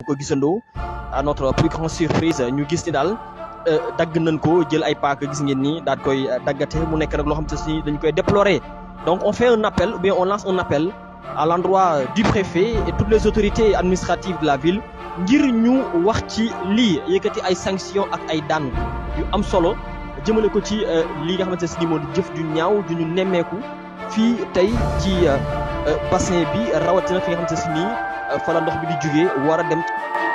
bu ko gisandoo à notre plus grande surprise ñu gis ni daal euh, dagg nañ ko jël ay paaka gis ngeen ni daal koy euh, daggate mu nekk rek loo xam te si dañu koy déplorer donc on fait un appel ou bien on lance un appel à l'endroit du préfet toutes les autorités administratives de la ville ngir ñu wax ci lii yëkkati ay sanctions ak ay daan yu am solo jëmale ko ci euh, lii nga xamante ne moo di jëf ju ñaaw ju ñu nemmeeku fii tey ci bassin bi rawatina fi nga xamante ne fa la ndox bi di jugee war a dem.